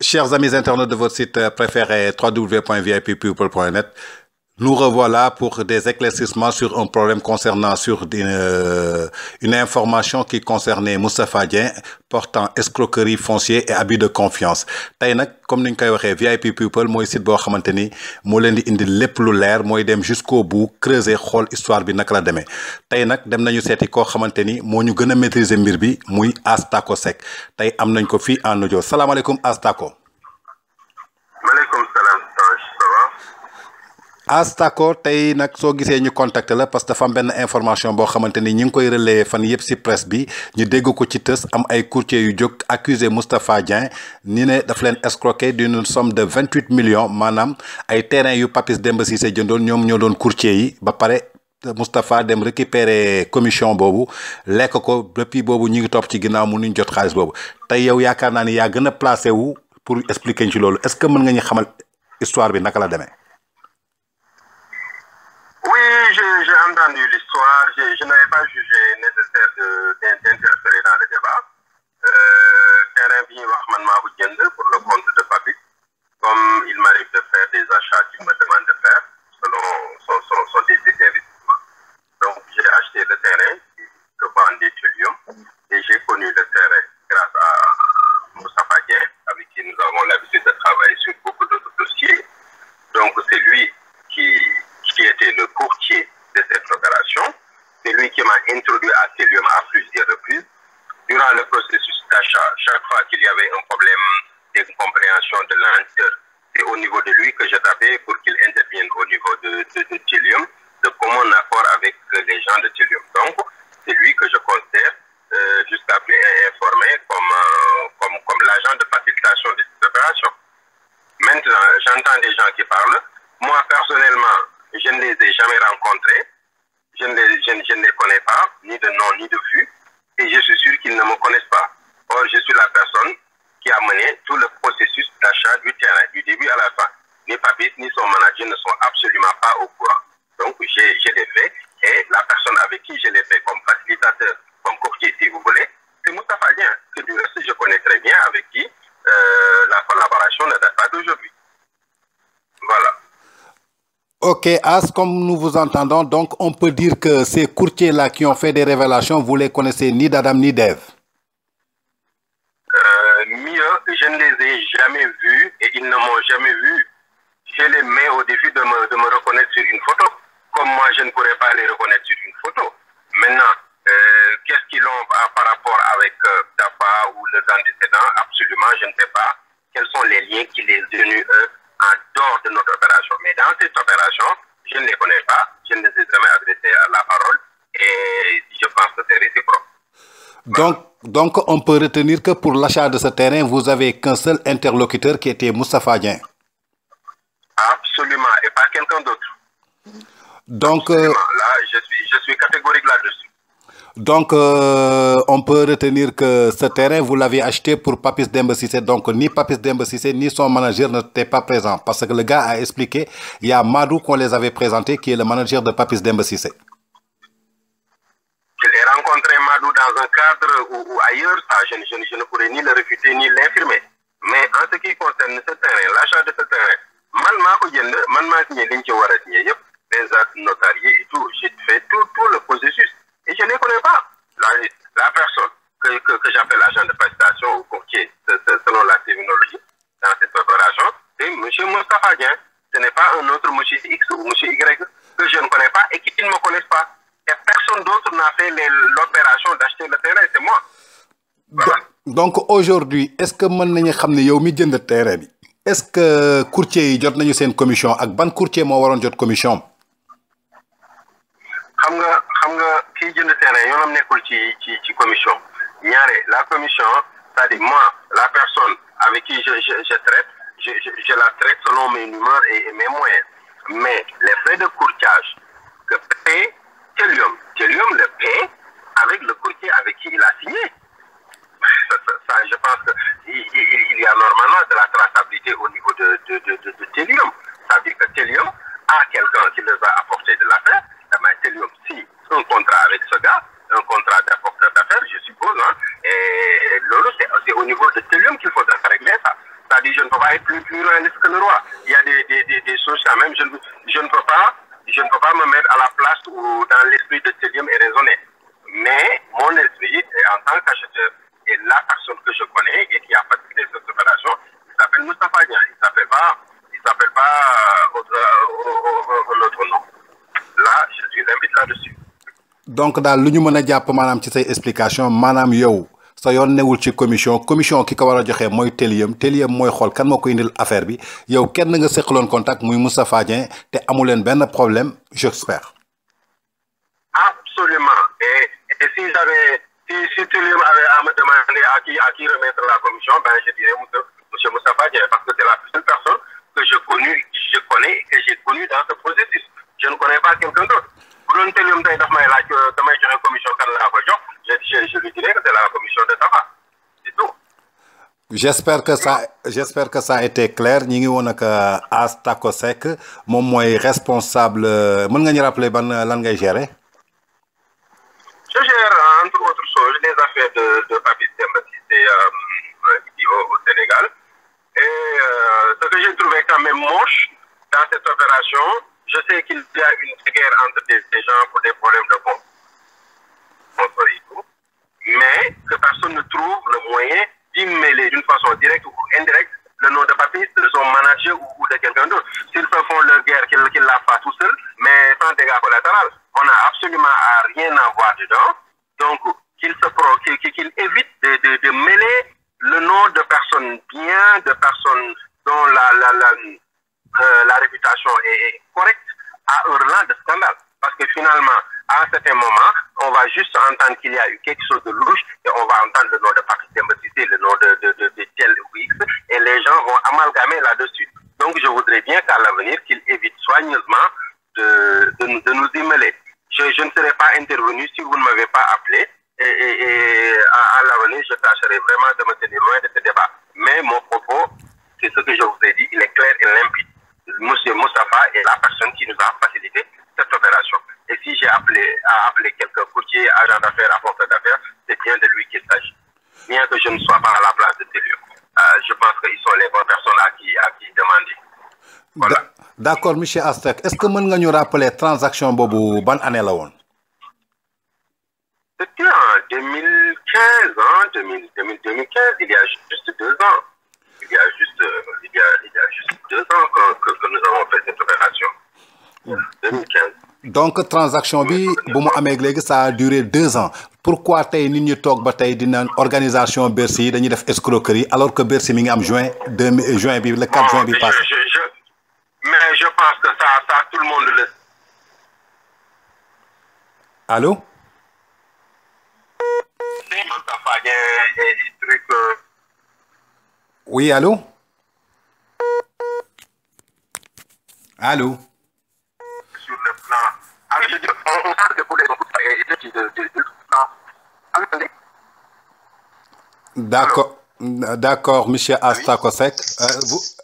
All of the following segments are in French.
Chers amis internautes de votre site euh, préféré www.vippeople.net, nous revoilà pour des éclaircissements sur un problème concernant sur euh, une, information qui concernait Moustapha Dieng portant escroquerie foncière et abus de confiance Taïnak comme nous ñu koy VIP People moi site boo xamante ni moo di indi lépp moi leer dem jusqu'au bout creuser xool histoire bi naka la demee tey nag dem nañu seeti ko xamante ni nous ñu maîtriser mbir bi Astako sec. Tay am nañ ko fii en audio Astako Astakor tay nak so gisé ñu contacter la parce que dafa am benn information bo xamanteni ñing koy relayer fan yépp ci presse bi ñu dégg ko ci teus am ay courtier yu jog accusé Mustapha, Dieng ni né daf leen escroquer d'une somme de 28 millions manam. ay terrain yu Papis Demba Cissé jëndol ñom ñoo doon courtier yi ba paré Moustapha dem récupérer commission bobu lekk ko depuis bobu ñi ngi topp ci ginnaaw mu nuñ jot xaalis bobu tay yow yaakaar naa ni yaa gën wu pour expliquer ci lolu est-ce que mën nga ñi xamal histoire bi naka la demee j'ai entendu l'histoire, je, n'avais pas jugé nécessaire d'interférer dans le débat. terrain euh, vient ñuy wax man pour le compte de Papi, comme il m'arrive de faire des achats qu'il me demande de faire selon son, son, désir d'investissement. Donc j'ai acheté le terrain que bandit d'étudiants, et j'ai connu le terrain grâce à Moussa Fadien avec qui nous avons l'habitude de travailler sur beaucoup d'autres dossiers. Donc c'est lui le courtier de cette opération. C'est lui qui m'a introduit à Telium à plusieurs reprises. Durant le processus d'achat, chaque fois qu'il y avait un problème de compréhension de l'inter, c'est au niveau de lui que j'ai tapé pour qu'il intervienne au niveau de, de, de comment de commun accord avec les gens de Telium. Donc, c'est lui que je considère euh, jusqu'à présent informé comme, euh, comme, comme l'agent de facilitation de cette opération. Maintenant, j'entends des gens qui parlent. Moi, personnellement, les ai jamais rencontrés. Je ne les, je, ne connais pas, ni de nom, ni de vue. Et je suis sûr qu'ils ne me connaissent pas. Or, je suis la personne qui a mené tout le processus d'achat du terrain, du début à la fin. Ni vite ni son manager ne sont absolument pas au courant. Donc, j'ai, je les fait. Et la personne avec qui je les fait comme facilitateur, comme courtier, si vous voulez, c'est Moustapha Lien, que du reste, je connais très bien, avec qui Ok, As, comme nous vous entendons, donc on peut dire que ces courtiers-là qui ont fait des révélations, vous les connaissez ni d'Adam ni d'Ève euh, Mieux, je ne les ai jamais vus et ils ne m'ont jamais vu. Je les mets au défi de me, reconnaître sur une photo, comme moi je ne pourrais pas les reconnaître sur une photo. Maintenant, euh, qu'est-ce qu'ils ont par rapport avec euh, ou les antécédents Absolument, je ne sais pas. Quels sont les liens qui les ont eux en de notre opération. Mais dans cette opération, je ne les connais pas, je ne les ai jamais adressés à la parole et je pense que c'est réciproque. Donc, donc, on peut retenir que pour l'achat de ce terrain, vous avez qu'un seul interlocuteur qui était Moustapha Dien. Absolument, et pas quelqu'un d'autre. Donc, euh, là, je suis, je suis donc, euh, on peut retenir que ce terrain, vous l'avez acheté pour Papis Cissé. Donc, ni Papis Cissé, ni son manager n'étaient pas présents. Parce que le gars a expliqué, il y a Madou qu'on les avait présentés, qui est le manager de Papis Dembélé. Je l'ai rencontré Madou dans un cadre ou, ailleurs, ça, je, ne pourrais ni le réfuter ni l'infirmer. Mais en ce qui concerne ce terrain, l'achat de ce terrain, man ma ko man acheté. pas un autre monsieur X ou monsieur Y que je ne connais pas et qui ne me connaissent pas. Et personne d'autre n'a fait l'opération d'acheter le terrain, c'est moi. Donc, aujourd'hui, est-ce que je nañu xam yow mi terrain est-ce que courtier yi jot une commission ak ban courtier moo waroon jot commission xam nga xam nga de terrain il ci commission la commission c'est-à-dire moi la personne avec qui je je traite je, la traite selon mes humeurs et, mes moyens. Mais les frais de courtage que paie Telium, Telium le paie avec le courtier avec qui il a signé. je ne peux pas être plus, plus que le roi. Il y a des, des, des, choses quand même, je ne, je ne, peux pas je ne peux pas me mettre à la place ou dans l'esprit de Stadium est raisonné Mais mon esprit, en tant qu'acheteur, et la personne que je connais et qui a participé à cette opération, il s'appelle Moustapha Dia Il ne s'appelle pas, il s'appelle pas euh, euh, nom. Là, je suis limite là-dessus. Donc, dans l'Union Monédia, pour Madame Tissé, explication, Madame Yo, sa yoon ci commission commission ki ko war joxe moy Téliyam Téliyam moy xol kan moko ko indil affaire bi yow kenn nga sekhlon contact muy Moustapha Dieng te amulen ben problème j'espère. absolument et, et si j'avais si si Téliyam avait à me demander à qui à qui remettre la commission ben je dirais monsieur Moussa Moustapha parce que c'est la seule personne que je connais je connais et que j'ai connue dans ce processus je ne connais pas quelqu'un d'autre Pour doon Téliyam tey daf may la euh, damay joxe commission kan la ko joxe je, suis je lui que la commission de tabac. C'est tout. J'espère que ça, que ça a été clair. Nous avons dit que mon responsable, vous euh, nous rappeler ban euh, lan ngay gérer? Je gère entre autres choses les affaires de, de Papi Dembatité euh, au, Sénégal. Et euh, ce que j'ai trouvé quand même moche dans cette opération, je sais qu'il y a une guerre entre des, gens pour des problèmes de bon mais que personne ne trouve le moyen d'y mêler d'une façon directe ou indirecte le nom de papiste, de son manager ou, de quelqu'un d'autre. S'ils se font leur guerre, qu'ils la fassent tout seuls, mais sans dégâts collatéraux. On n'a absolument à rien à voir dedans. Donc, qu'ils évitent de, de, mêler le nom de personnes bien, de personnes dont la, la, la euh, réputation est, correcte, à un de scandale. Parce que finalement, à un certain moment, on va juste entendre qu'il y a eu quelque chose de louche et on va entendre le nom de parti le nom de, tel ou et les gens vont amalgamer là-dessus. Donc je voudrais bien qu'à l'avenir, qu'il évite soigneusement de, nous y Je, je, ne serai pas intervenu si vous ne m'avez pas appelé. Et, à, l'avenir, je tâcherai vraiment de me tenir loin de ce débat. Mais mon propos, c'est ce que je vous ai dit, il est clair et limpide. Monsieur Moussafa est la personne qui nous a facilité cette opération si j'ai appelé à appeler quelqu'un courtier, agent d'affaires, apporteur d'affaires, c'est bien de lui qu'il s'agit. Bien que je ne sois pas à la place de Télio. Euh, je pense qu'ils sont les bonnes personnes à qui, à qui demander. D'accord, monsieur Astek. Est-ce que vous pouvez nous rappeler transaction Bobo, bonne année là C'était en 2015, hein, 2000, 2015, il y a juste deux ans. Il y a juste, il y a, il y a juste deux ans que, que, que nous avons fait cette opération. 2015. Mmh donc transaction bi ça a duré deux ans pourquoi tu as ñi une ba organisation Bercy escroquerie alors que Bercy mi ngi juin le 4 juin passé. mais je pense que ça ça tout le monde le. allô. Euh. oui allô. allô. D'accord, d'accord, Monsieur Astakosek. Euh,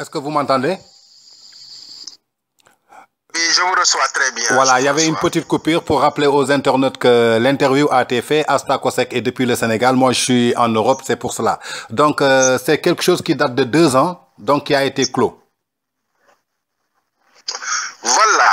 est-ce que vous m'entendez? je vous reçois très bien. Voilà, il y avait une petite coupure pour rappeler aux internautes que l'interview a été faite. Asta est depuis le Sénégal. Moi, je suis en Europe, c'est pour cela. Donc, euh, c'est quelque chose qui date de deux ans, donc qui a été clos. Voilà,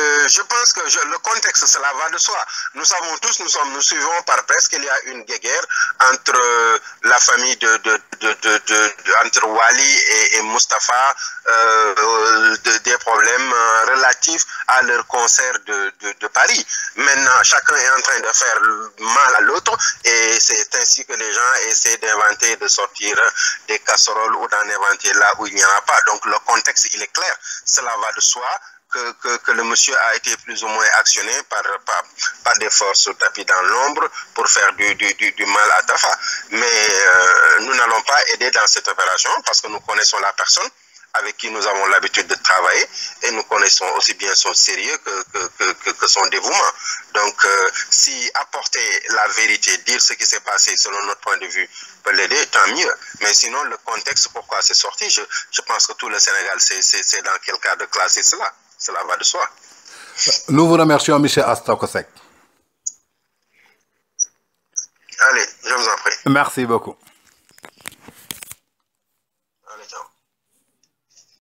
euh, je pense que le contexte, cela va de soi. Nous savons tous, nous, sommes, nous suivons par presse qu'il y a une guerre entre euh, la famille de, de, entre Wali et, Mustapha, euh, des problèmes relatifs à leur concert de, Paris. Maintenant, chacun est en train de faire mal à l'autre et c'est ainsi que les gens essaient d'inventer, de sortir hein, des casseroles ou d'en inventer là où il n'y en a pas. Donc le contexte, il est clair. Cela va de soi que, le monsieur a été plus ou moins actionné par, par, des forces tapis dans l'ombre pour faire du, du, du, mal à Tafa. Mais euh, nous n'allons pas aider dans cette opération parce que nous connaissons la personne avec qui nous avons l'habitude de travailler et nous connaissons aussi bien son sérieux que, que, que, son dévouement. Donc, euh, si apporter la vérité, dire ce qui s'est passé selon notre point de vue peut l'aider, tant mieux. Mais sinon, le contexte pourquoi c'est sorti, je, je pense que tout le Sénégal sait dans quel cas de classer cela. Cela va de soi. Nous vous remercions, Michel Astokosek. Allez, je vous en prie. Merci beaucoup.